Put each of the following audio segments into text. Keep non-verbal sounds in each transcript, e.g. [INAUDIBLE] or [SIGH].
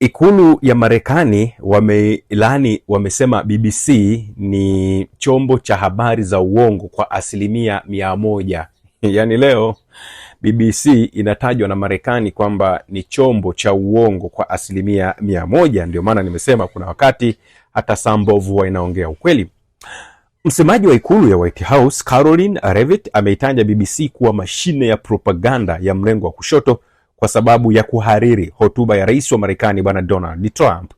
Ikulu ya Marekani wameilani, wamesema BBC ni chombo cha habari za uongo kwa asilimia mia moja. [LAUGHS] Yaani leo BBC inatajwa na Marekani kwamba ni chombo cha uongo kwa asilimia mia moja. Ndio maana nimesema kuna wakati hata saa mbovu huwa inaongea ukweli. Msemaji wa ikulu ya White House Caroline Leavitt ameitaja BBC kuwa mashine ya propaganda ya mrengo wa kushoto kwa sababu ya kuhariri hotuba ya rais wa Marekani Bwana Donald Trump.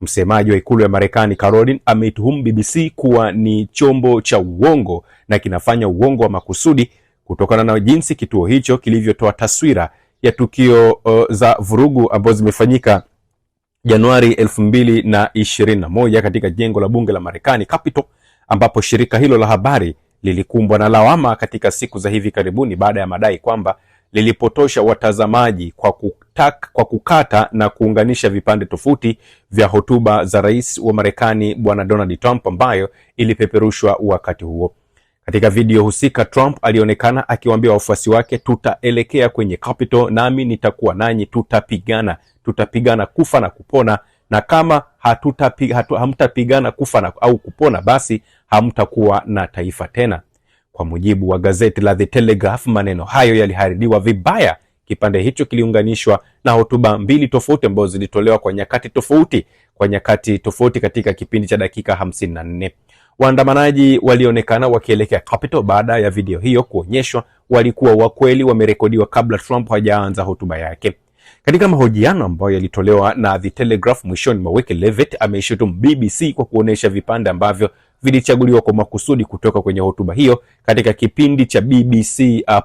Msemaji wa ikulu ya Marekani Caroline ameituhumu BBC kuwa ni chombo cha uongo na kinafanya uongo wa makusudi kutokana na jinsi kituo hicho kilivyotoa taswira ya tukio uh, za vurugu ambazo zimefanyika Januari moja katika jengo la bunge la Marekani Capitol, ambapo shirika hilo la habari lilikumbwa na lawama katika siku za hivi karibuni baada ya madai kwamba lilipotosha watazamaji kwa kutaka, kwa kukata na kuunganisha vipande tofauti vya hotuba za rais wa Marekani Bwana Donald Trump ambayo ilipeperushwa wakati huo. Katika video husika, Trump alionekana akiwaambia wafuasi wake, tutaelekea kwenye Capitol nami nitakuwa nanyi, tutapigana, tutapigana kufa na kupona, na kama hatu, hamtapigana kufa na, au kupona basi hamtakuwa na taifa tena. Kwa mujibu wa gazeti la The Telegraph, maneno hayo yaliharidiwa vibaya. Kipande hicho kiliunganishwa na hotuba mbili tofauti ambazo zilitolewa kwa nyakati tofauti kwa nyakati tofauti katika kipindi cha dakika 54. Waandamanaji walionekana wakielekea Capitol baada ya video hiyo kuonyeshwa, walikuwa wakweli wamerekodiwa kabla Trump hajaanza hotuba yake. Katika mahojiano ambayo yalitolewa na The Telegraph mwishoni mwa wiki, Levitt ameishutumu BBC kwa kuonyesha vipande ambavyo vilichaguliwa kwa makusudi kutoka kwenye hotuba hiyo katika kipindi cha BBC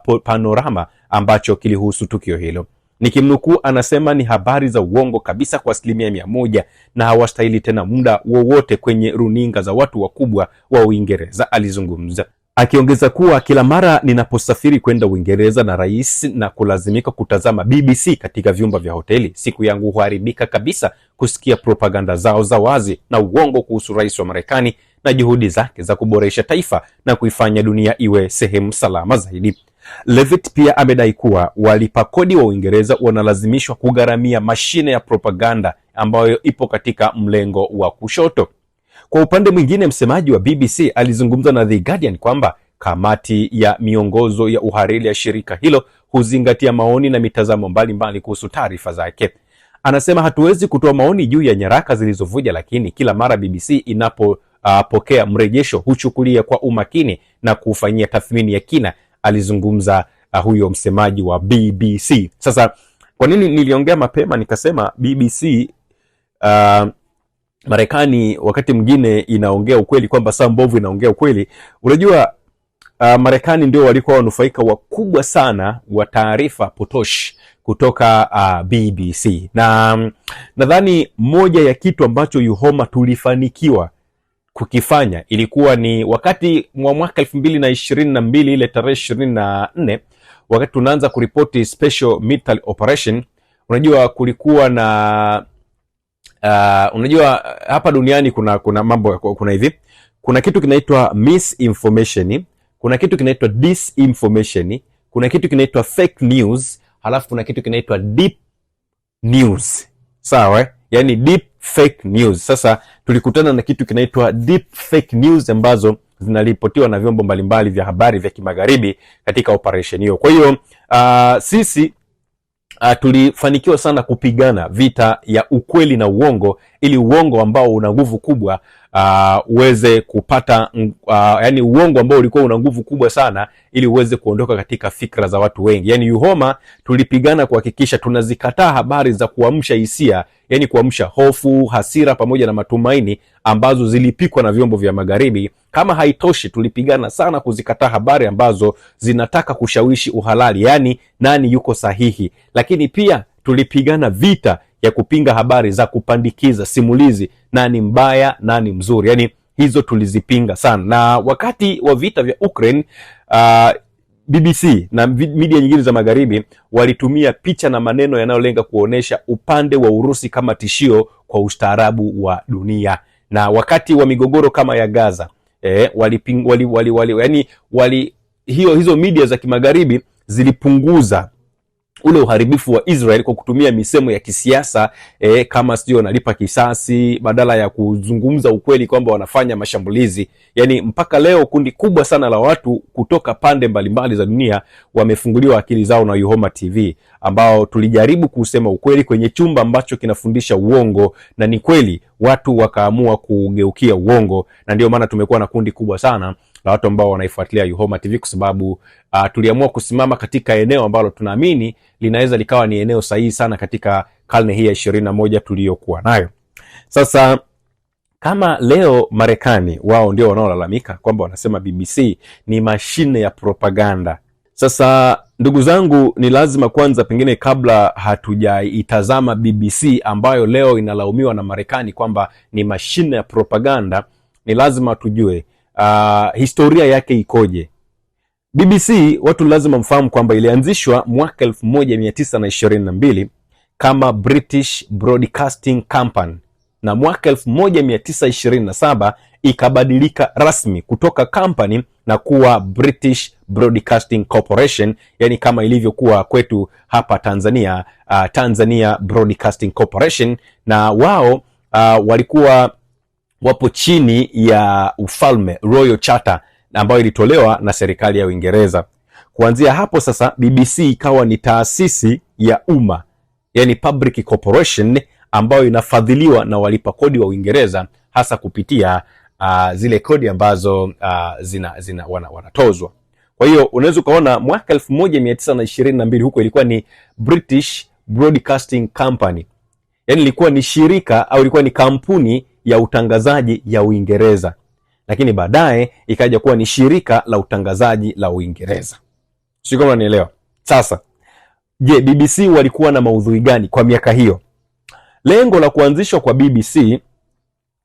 uh, Panorama ambacho kilihusu tukio hilo. Nikimnukuu, anasema ni habari za uongo kabisa kwa asilimia mia moja na hawastahili tena muda wowote kwenye runinga za watu wakubwa wa Uingereza, alizungumza akiongeza kuwa kila mara ninaposafiri kwenda Uingereza na rais na kulazimika kutazama BBC katika vyumba vya hoteli, siku yangu huharibika kabisa kusikia propaganda zao za wazi na uongo kuhusu rais wa Marekani na juhudi zake za kuboresha taifa na kuifanya dunia iwe sehemu salama zaidi. Levitt pia amedai kuwa walipa kodi wa Uingereza wanalazimishwa kugharamia mashine ya propaganda ambayo ipo katika mlengo wa kushoto. Kwa upande mwingine, msemaji wa BBC alizungumza na The Guardian kwamba kamati ya miongozo ya uhariri ya shirika hilo huzingatia maoni na mitazamo mbalimbali kuhusu taarifa zake. Anasema hatuwezi kutoa maoni juu ya nyaraka zilizovuja, lakini kila mara BBC inapo pokea mrejesho huchukulia kwa umakini na kuufanyia tathmini ya kina, alizungumza uh, huyo msemaji wa BBC. Sasa kwa nini niliongea mapema nikasema BBC uh, Marekani wakati mwingine inaongea ukweli kwamba saa mbovu inaongea ukweli. Unajua uh, Marekani ndio walikuwa wanufaika wakubwa sana wa taarifa potoshi kutoka uh, BBC na um, nadhani moja ya kitu ambacho Yuhoma tulifanikiwa kukifanya ilikuwa ni wakati mwa mwaka elfu mbili na ishirini na mbili ile tarehe ishirini na nne wakati tunaanza kuripoti special operation. Unajua kulikuwa na uh, unajua hapa duniani kuna kuna mambo kuna hivi kuna kitu kinaitwa misinformation, kuna kitu kinaitwa disinformation, kuna kitu kinaitwa fake news, halafu kuna kitu kinaitwa deep news, sawa eh? yani deep fake news. Sasa tulikutana na kitu kinaitwa deep fake news ambazo zinaripotiwa na vyombo mbalimbali vya habari vya kimagharibi katika operation hiyo. Kwa hiyo uh, sisi Uh, tulifanikiwa sana kupigana vita ya ukweli na uongo ili uongo ambao una nguvu kubwa uh, uweze kupata uh, yani uongo ambao ulikuwa una nguvu kubwa sana ili uweze kuondoka katika fikra za watu wengi. Yani, UHOMA tulipigana kuhakikisha tunazikataa habari za kuamsha hisia yani kuamsha hofu, hasira pamoja na matumaini ambazo zilipikwa na vyombo vya magharibi. Kama haitoshi, tulipigana sana kuzikataa habari ambazo zinataka kushawishi uhalali, yani nani yuko sahihi, lakini pia tulipigana vita ya kupinga habari za kupandikiza, simulizi, nani mbaya, nani mzuri, yani hizo tulizipinga sana, na wakati wa vita vya Ukraine uh, BBC na media nyingine za magharibi walitumia picha na maneno yanayolenga kuonyesha upande wa Urusi kama tishio kwa ustaarabu wa dunia, na wakati wa migogoro kama ya Gaza eh, wali, wali, wali, wali, yani, wali hiyo hizo media za kimagharibi zilipunguza ule uharibifu wa Israel kwa kutumia misemo ya kisiasa eh, kama sijui wanalipa kisasi badala ya kuzungumza ukweli kwamba wanafanya mashambulizi. Yani mpaka leo kundi kubwa sana la watu kutoka pande mbalimbali za dunia wamefunguliwa akili zao na Yuhoma TV, ambao tulijaribu kusema ukweli kwenye chumba ambacho kinafundisha uongo, na ni kweli watu wakaamua kugeukia uongo, na ndio maana tumekuwa na kundi kubwa sana la watu ambao wanaifuatilia Yuhoma TV kwa sababu uh, tuliamua kusimama katika eneo ambalo tunaamini linaweza likawa ni eneo sahihi sana katika karne hii ya ishirini na moja tuliyokuwa nayo sasa. Kama leo Marekani wao ndio wanaolalamika kwamba wanasema BBC ni mashine ya propaganda. Sasa ndugu zangu, ni lazima kwanza, pengine kabla hatujaitazama BBC ambayo leo inalaumiwa na Marekani kwamba ni mashine ya propaganda, ni lazima tujue uh, historia yake ikoje. BBC watu lazima mfahamu kwamba ilianzishwa mwaka 1922 kama British Broadcasting Company na mwaka 1927 ikabadilika rasmi kutoka company na kuwa British Broadcasting Corporation, yani kama ilivyokuwa kwetu hapa Tanzania, uh, Tanzania Broadcasting Corporation, na wao uh, walikuwa wapo chini ya ufalme Royal Charter ambayo ilitolewa na serikali ya Uingereza. Kuanzia hapo sasa, BBC ikawa ni taasisi ya umma, yani public corporation ambayo inafadhiliwa na walipa kodi wa Uingereza hasa kupitia uh, zile kodi ambazo uh, zina, zina wana, wanatozwa. Kwa hiyo unaweza ukaona mwaka elfu moja mia tisa na ishirini na mbili huko ilikuwa ni British Broadcasting Company, yani ilikuwa ni shirika au ilikuwa ni kampuni ya utangazaji ya Uingereza, lakini baadaye ikaja kuwa ni shirika la utangazaji la Uingereza. Sio kama Sasa je, BBC walikuwa na maudhui gani kwa miaka hiyo? Lengo la kuanzishwa kwa BBC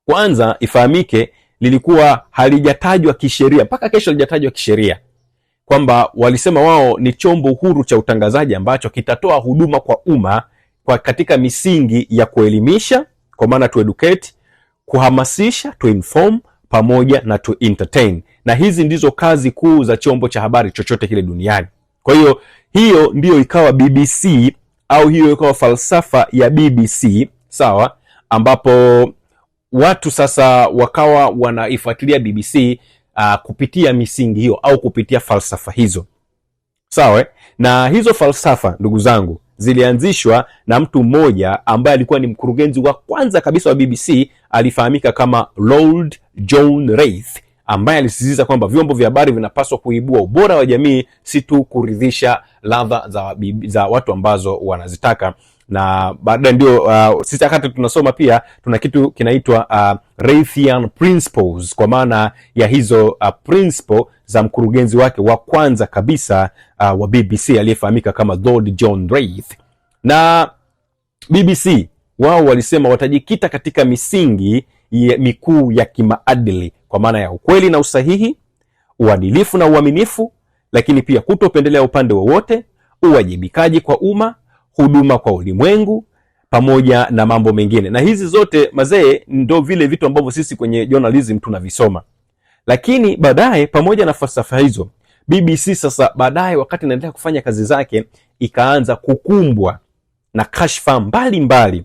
kwanza, ifahamike, lilikuwa halijatajwa kisheria mpaka kesho, halijatajwa kisheria kwamba walisema wao ni chombo huru cha utangazaji ambacho kitatoa huduma kwa umma kwa katika misingi ya kuelimisha, kwa maana to educate, kuhamasisha, to inform pamoja na to entertain, na hizi ndizo kazi kuu za chombo cha habari chochote kile duniani. Kwa hiyo hiyo ndiyo ikawa BBC au hiyo ikawa falsafa ya BBC, sawa, ambapo watu sasa wakawa wanaifuatilia BBC uh, kupitia misingi hiyo au kupitia falsafa hizo, sawa. Eh? Na hizo falsafa ndugu zangu zilianzishwa na mtu mmoja ambaye alikuwa ni mkurugenzi wa kwanza kabisa wa BBC, alifahamika kama Lord John Reith, ambaye alisisitiza kwamba vyombo vya habari vinapaswa kuibua ubora wa jamii, si tu kuridhisha ladha za, za watu ambazo wanazitaka na baadaye ndio uh, sisi wakati tunasoma pia tuna kitu kinaitwa uh, Raytheon principles kwa maana ya hizo uh, principle za mkurugenzi wake wa kwanza kabisa uh, wa BBC aliyefahamika kama Lord John Rayth. Na BBC wao walisema watajikita katika misingi mikuu ya kimaadili kwa maana ya ukweli na usahihi, uadilifu na uaminifu, lakini pia kutopendelea upande wowote, uwajibikaji kwa umma huduma kwa ulimwengu pamoja na mambo mengine, na hizi zote mazee, ndo vile vitu ambavyo sisi kwenye journalism tunavisoma. Lakini baadaye, pamoja na falsafa hizo, BBC sasa baadaye, wakati inaendelea kufanya kazi zake, ikaanza kukumbwa na kashfa mbalimbali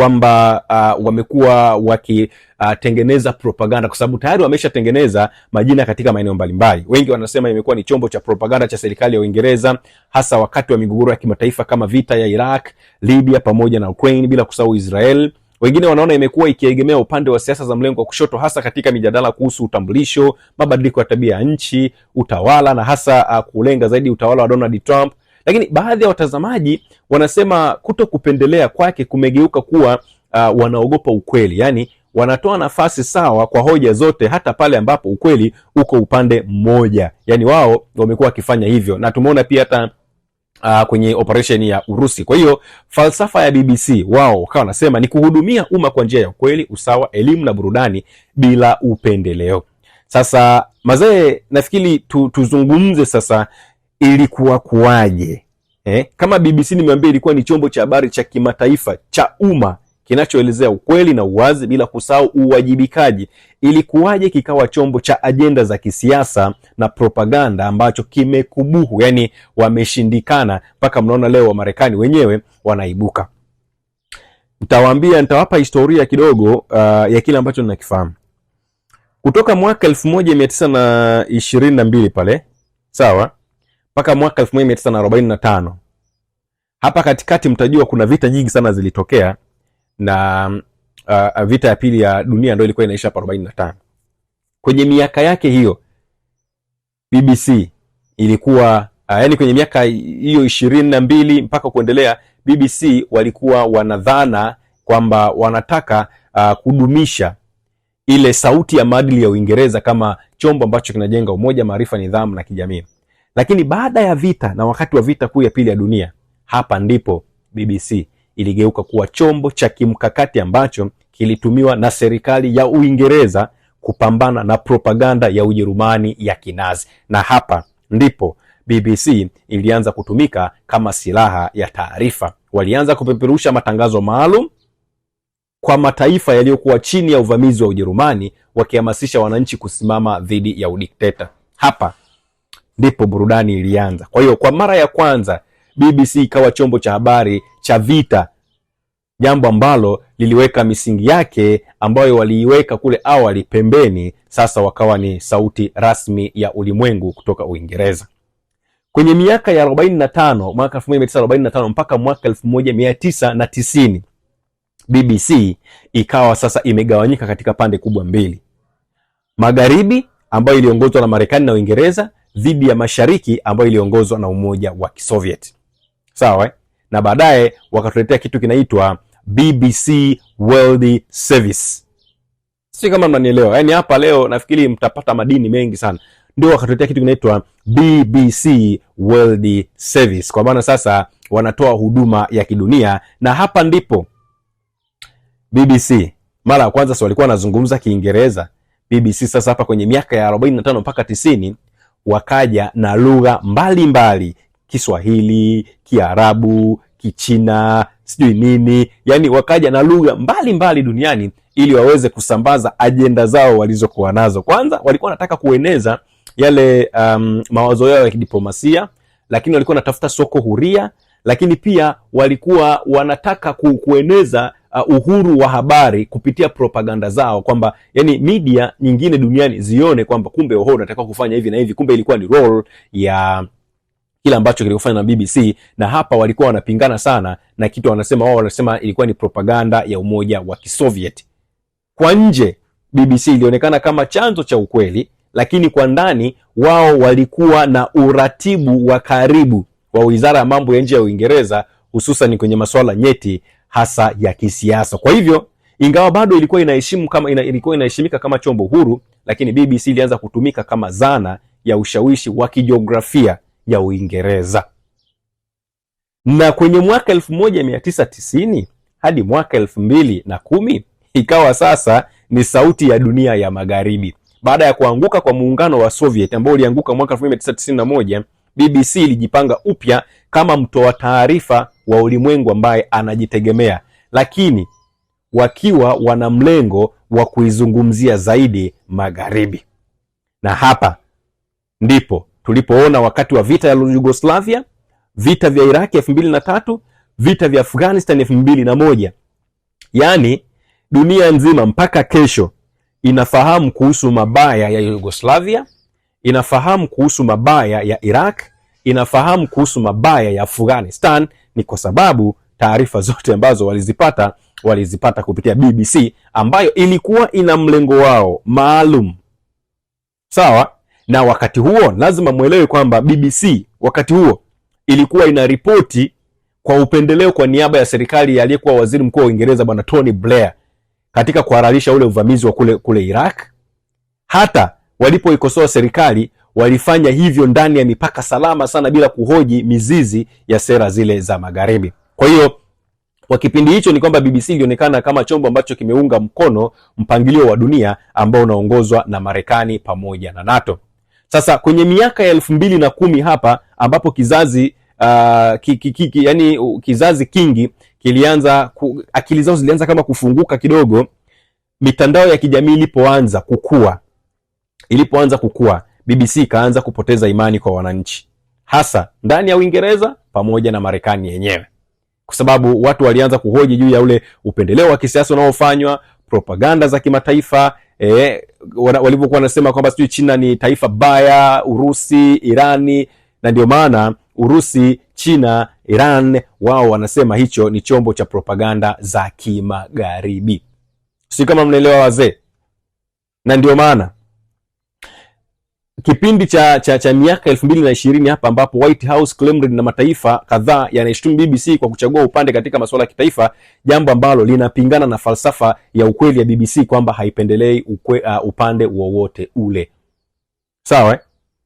kwamba uh, wamekuwa wakitengeneza uh, propaganda kwa sababu tayari wameshatengeneza majina katika maeneo mbalimbali. Wengi wanasema imekuwa ni chombo cha propaganda cha serikali ya Uingereza, hasa wakati wa migogoro ya kimataifa kama vita ya Iraq, Libya pamoja na Ukraine, bila kusahau Israel. Wengine wanaona imekuwa ikiegemea upande wa siasa za mlengo wa kushoto, hasa katika mijadala kuhusu utambulisho, mabadiliko ya tabia ya nchi, utawala na hasa uh, kulenga zaidi utawala wa Donald Trump lakini baadhi ya watazamaji wanasema kuto kupendelea kwake kumegeuka kuwa uh, wanaogopa ukweli, yani wanatoa nafasi sawa kwa hoja zote, hata pale ambapo ukweli uko upande mmoja. Yani wao wamekuwa wakifanya hivyo, na tumeona pia hata Uh, kwenye operesheni ya Urusi. Kwa hiyo falsafa ya BBC wao wakawa wanasema ni kuhudumia umma kwa njia ya ukweli, usawa, elimu na burudani bila upendeleo. Sasa mazee, nafikiri tu, tuzungumze sasa ilikuwa kuwaje? Eh, kama BBC nimeambia ilikuwa ni chombo cha habari cha kimataifa cha umma kinachoelezea ukweli na uwazi bila kusahau uwajibikaji. Ilikuwaje kikawa chombo cha ajenda za kisiasa na propaganda ambacho kimekubuhu, yani wameshindikana mpaka mnaona leo Wamarekani wenyewe wanaibuka. Nitawaambia, nitawapa historia kidogo uh, ya kile ambacho ninakifahamu kutoka mwaka elfu moja mia tisa na ishirini na mbili pale, sawa mpaka mwaka elfu moja mia tisa na arobaini na tano. Hapa katikati mtajua kuna vita nyingi sana zilitokea na uh, uh vita ya pili ya dunia ndo ilikuwa inaisha hapa arobaini na tano. Kwenye miaka yake hiyo BBC ilikuwa uh, yani kwenye miaka hiyo ishirini na mbili mpaka kuendelea, BBC walikuwa wanadhana kwamba wanataka uh, kudumisha ile sauti ya maadili ya Uingereza kama chombo ambacho kinajenga umoja, maarifa, nidhamu na kijamii. Lakini baada ya vita na wakati wa vita kuu ya pili ya dunia, hapa ndipo BBC iligeuka kuwa chombo cha kimkakati ambacho kilitumiwa na serikali ya Uingereza kupambana na propaganda ya Ujerumani ya Kinazi, na hapa ndipo BBC ilianza kutumika kama silaha ya taarifa. Walianza kupeperusha matangazo maalum kwa mataifa yaliyokuwa chini ya uvamizi wa Ujerumani, wakihamasisha wananchi kusimama dhidi ya udikteta. Hapa ndipo burudani ilianza. Kwa hiyo kwa mara ya kwanza BBC ikawa chombo cha habari cha vita, jambo ambalo liliweka misingi yake ambayo waliiweka kule awali pembeni. Sasa wakawa ni sauti rasmi ya ulimwengu kutoka Uingereza kwenye miaka ya 45 mwaka 1945 mpaka mwaka 1990 BBC ikawa sasa imegawanyika katika pande kubwa mbili, magharibi ambayo iliongozwa na Marekani na Uingereza dhidi ya mashariki ambayo iliongozwa na Umoja wa Kisoviet, sawa eh? na baadaye wakatuletea kitu kinaitwa BBC World Service. Si kama mnanielewa, Yani hapa leo nafikiri mtapata madini mengi sana. Ndio wakatuletea kitu kinaitwa BBC World Service, kwa maana sasa wanatoa huduma ya kidunia, na hapa ndipo BBC mara ya kwanza walikuwa wanazungumza Kiingereza. BBC sasa hapa kwenye miaka ya 45 mpaka wakaja na lugha mbalimbali, Kiswahili, Kiarabu, Kichina, sijui nini, yani wakaja na lugha mbalimbali duniani ili waweze kusambaza ajenda zao walizokuwa nazo. Kwanza walikuwa wanataka kueneza yale um, mawazo yao ya kidiplomasia, lakini walikuwa wanatafuta soko huria, lakini pia walikuwa wanataka kueneza uh, uhuru wa habari kupitia propaganda zao, kwamba yani media nyingine duniani zione kwamba kumbe oho unatakiwa kufanya hivi na hivi, kumbe ilikuwa ni role ya kile ambacho kilikofanya na BBC na hapa walikuwa wanapingana sana na kitu wanasema wao, wanasema ilikuwa ni propaganda ya umoja wa Kisoviet. Kwa nje BBC ilionekana kama chanzo cha ukweli, lakini kwa ndani wao walikuwa na uratibu wa karibu wa wizara ya mambo ya nje ya Uingereza, hususan kwenye masuala nyeti hasa ya kisiasa. Kwa hivyo, ingawa bado ilikuwa inaheshimu kama ina, ilikuwa inaheshimika kama chombo huru, lakini BBC ilianza kutumika kama zana ya ushawishi wa kijiografia ya Uingereza. Na kwenye mwaka 1990 hadi mwaka 2010 ikawa sasa ni sauti ya dunia ya magharibi. Baada ya kuanguka kwa muungano wa Soviet ambao ulianguka mwaka 1991, BBC ilijipanga upya kama mtoa taarifa wa ulimwengu ambaye anajitegemea, lakini wakiwa wana mlengo wa kuizungumzia zaidi magharibi. Na hapa ndipo tulipoona wakati wa vita ya Yugoslavia, vita vya Iraki elfu mbili na tatu, vita vya Afghanistan elfu mbili na moja. Yaani dunia nzima mpaka kesho inafahamu kuhusu mabaya ya Yugoslavia, inafahamu kuhusu mabaya ya Iraq, inafahamu kuhusu mabaya ya Afghanistan ni kwa sababu taarifa zote ambazo walizipata walizipata kupitia BBC ambayo ilikuwa ina mlengo wao maalum, sawa. Na wakati huo lazima mwelewe kwamba BBC wakati huo ilikuwa ina ripoti kwa upendeleo kwa niaba ya serikali ya aliyekuwa waziri mkuu wa Uingereza Bwana Tony Blair katika kuhalalisha ule uvamizi wa kule, kule Iraq. Hata walipoikosoa serikali walifanya hivyo ndani ya mipaka salama sana bila kuhoji mizizi ya sera zile za magharibi. Kwa hiyo kwa kipindi hicho ni kwamba BBC ilionekana kama chombo ambacho kimeunga mkono mpangilio wa dunia ambao unaongozwa na Marekani pamoja na NATO. Sasa kwenye miaka ya elfu mbili na kumi hapa ambapo kizazi uh, ki, ki, ki, yani, kizazi kingi kilianza ku, akili zao zilianza kama kufunguka kidogo, mitandao ya kijamii ilipoanza kukua ilipoanza kukua BBC ikaanza kupoteza imani kwa wananchi, hasa ndani ya Uingereza pamoja na Marekani yenyewe, kwa sababu watu walianza kuhoji juu ya ule upendeleo wa kisiasa unaofanywa, propaganda za kimataifa e, walivyokuwa wanasema kwamba sijui China ni taifa baya, Urusi, Irani, na ndio maana Urusi, China, Iran wao wanasema hicho ni chombo cha propaganda za kimagharibi, si kama mnaelewa wazee, na ndio maana kipindi cha cha, cha miaka elfu mbili na ishirini hapa ambapo White House, Kremlin na mataifa kadhaa yanaishtumu BBC kwa kuchagua upande katika masuala ya kitaifa, jambo ambalo linapingana na falsafa ya ukweli ya BBC kwamba haipendelei ukwe, uh, upande wowote ule. Sawa. Eh?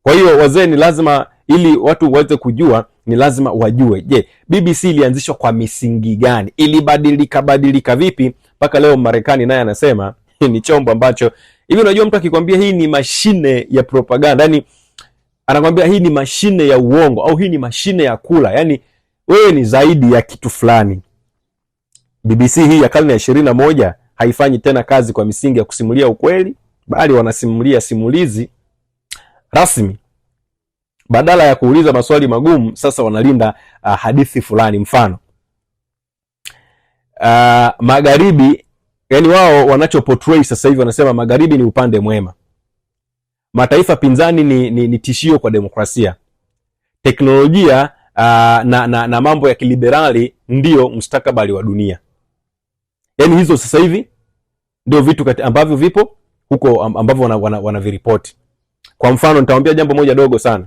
Kwa hiyo wazee, ni lazima ili watu waweze kujua, ni lazima wajue, je, BBC ilianzishwa kwa misingi gani? Ilibadilika badilika vipi mpaka leo Marekani naye anasema [LAUGHS] ni chombo ambacho hivi. Unajua, mtu akikwambia hii ni mashine ya propaganda, yani anakwambia hii ni mashine ya uongo au hii ni mashine ya kula, yani wewe ni zaidi ya kitu fulani. BBC hii ya karne ya ishirini na moja haifanyi tena kazi kwa misingi ya kusimulia ukweli, bali wanasimulia simulizi rasmi. Badala ya kuuliza maswali magumu, sasa wanalinda uh, hadithi fulani. Mfano uh, magharibi yani wao wanacho portray sasa hivi wanasema magharibi ni upande mwema, mataifa pinzani ni, ni, ni tishio kwa demokrasia, teknolojia uh, na, na, na mambo ya kiliberali ndio mstakabali wa dunia. Yani hizo sasa hivi ndio vitu kati ambavyo vipo huko ambavyo wanaviripoti wana, wana kwa mfano nitawambia jambo moja dogo sana.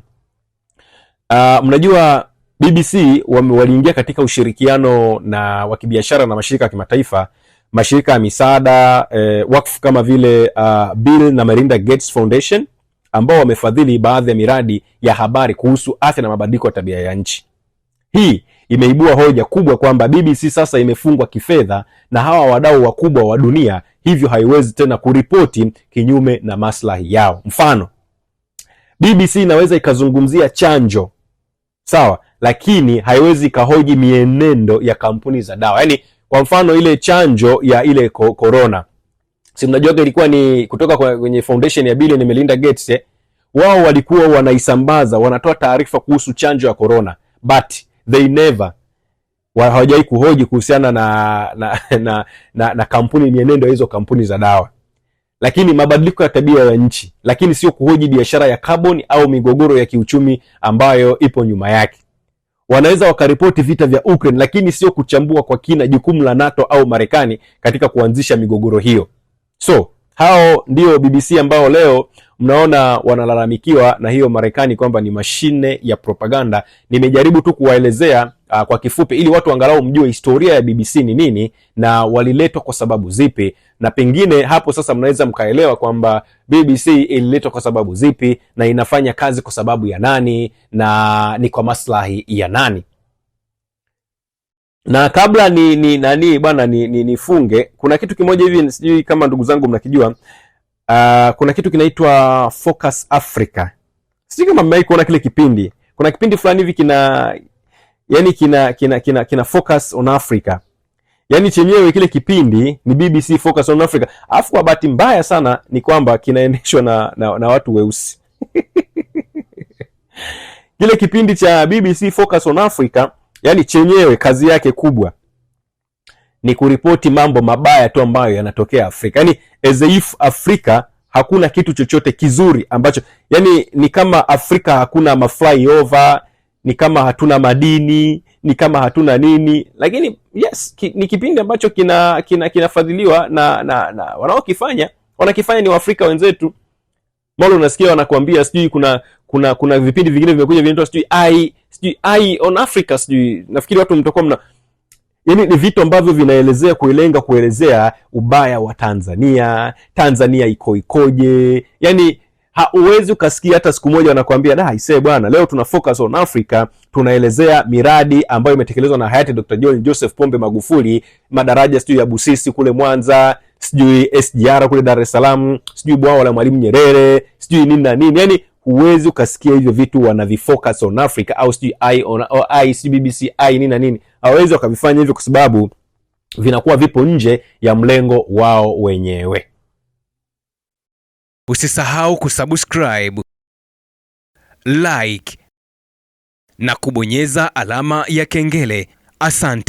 Uh, mnajua BBC waliingia katika ushirikiano na wa kibiashara na mashirika ya kimataifa mashirika ya misaada eh, wakfu kama vile uh, Bill na Melinda Gates Foundation ambao wamefadhili baadhi ya miradi ya habari kuhusu afya na mabadiliko ya tabia ya nchi. Hii imeibua hoja kubwa kwamba BBC sasa imefungwa kifedha na hawa wadau wakubwa wa dunia, hivyo haiwezi tena kuripoti kinyume na maslahi yao. Mfano, BBC inaweza ikazungumzia chanjo sawa, lakini haiwezi ikahoji mienendo ya kampuni za dawa. yani, kwa mfano ile chanjo ya ile corona, si mnajua ilikuwa ni kutoka kwenye foundation ya Bill and Melinda Gates eh? Wao walikuwa wanaisambaza, wanatoa taarifa kuhusu chanjo ya corona, but they never hawajawai kuhoji kuhusiana na na, na, na na kampuni mienendo ya hizo kampuni za dawa, lakini mabadiliko ya tabia ya nchi, lakini sio kuhoji biashara ya carbon au migogoro ya kiuchumi ambayo ipo nyuma yake wanaweza wakaripoti vita vya Ukraine, lakini sio kuchambua kwa kina jukumu la NATO au Marekani katika kuanzisha migogoro hiyo. So hao ndio BBC ambao leo mnaona wanalalamikiwa na hiyo Marekani kwamba ni mashine ya propaganda. Nimejaribu tu kuwaelezea uh, kwa kifupi, ili watu angalau mjue historia ya BBC ni nini na waliletwa kwa sababu zipi, na pengine hapo sasa mnaweza mkaelewa kwamba BBC ililetwa kwa sababu zipi na inafanya kazi kwa sababu ya nani na ni kwa maslahi ya nani na kabla ni, ni nani bwana ni, ni, ni funge, kuna kitu kimoja hivi, sijui kama ndugu zangu mnakijua. Uh, kuna kitu kinaitwa Focus Africa, sijui kama mmewahi kuona kile kipindi. Kuna kipindi fulani hivi kina yani kina kina kina, kina focus on Africa yani chenyewe kile kipindi ni BBC Focus on Africa, alafu kwa bahati mbaya sana ni kwamba kinaendeshwa na, na, na watu weusi [LAUGHS] kile kipindi cha BBC Focus on Africa yani chenyewe kazi yake kubwa ni kuripoti mambo mabaya tu ambayo yanatokea Afrika, yani as if Afrika hakuna kitu chochote kizuri ambacho yani ni kama Afrika hakuna maflyover ni kama hatuna madini, ni kama hatuna nini, lakini yes ki, ni kipindi ambacho kina kinafadhiliwa kina na, na, na wanaokifanya wanakifanya ni Waafrika wenzetu. Mara unasikia wanakuambia sijui kuna kuna kuna vipindi vingine vimekuja vinaitwa sijui ai sijui ai on Africa sijui nafikiri watu mtakuwa mna yaani ni vitu ambavyo vinaelezea kuilenga kuelezea ubaya wa Tanzania, Tanzania iko ikoje, yani hauwezi ukasikia hata siku moja wanakuambia da isee, bwana leo tuna focus on Africa, tunaelezea miradi ambayo imetekelezwa na hayati Dr. John Joseph Pombe Magufuli, madaraja sijui ya Busisi kule Mwanza, sijui SGR kule Dar es Salaam, sijui bwawa la Mwalimu Nyerere, sijui nini na nini. Yani huwezi ukasikia hivyo vitu wanavifocus on Africa au sijui i on i sijui BBC i nini na nini, hawawezi wakavifanya hivyo kwa sababu vinakuwa vipo nje ya mlengo wao wenyewe. Usisahau kusubscribe, like na kubonyeza alama ya kengele. Asante.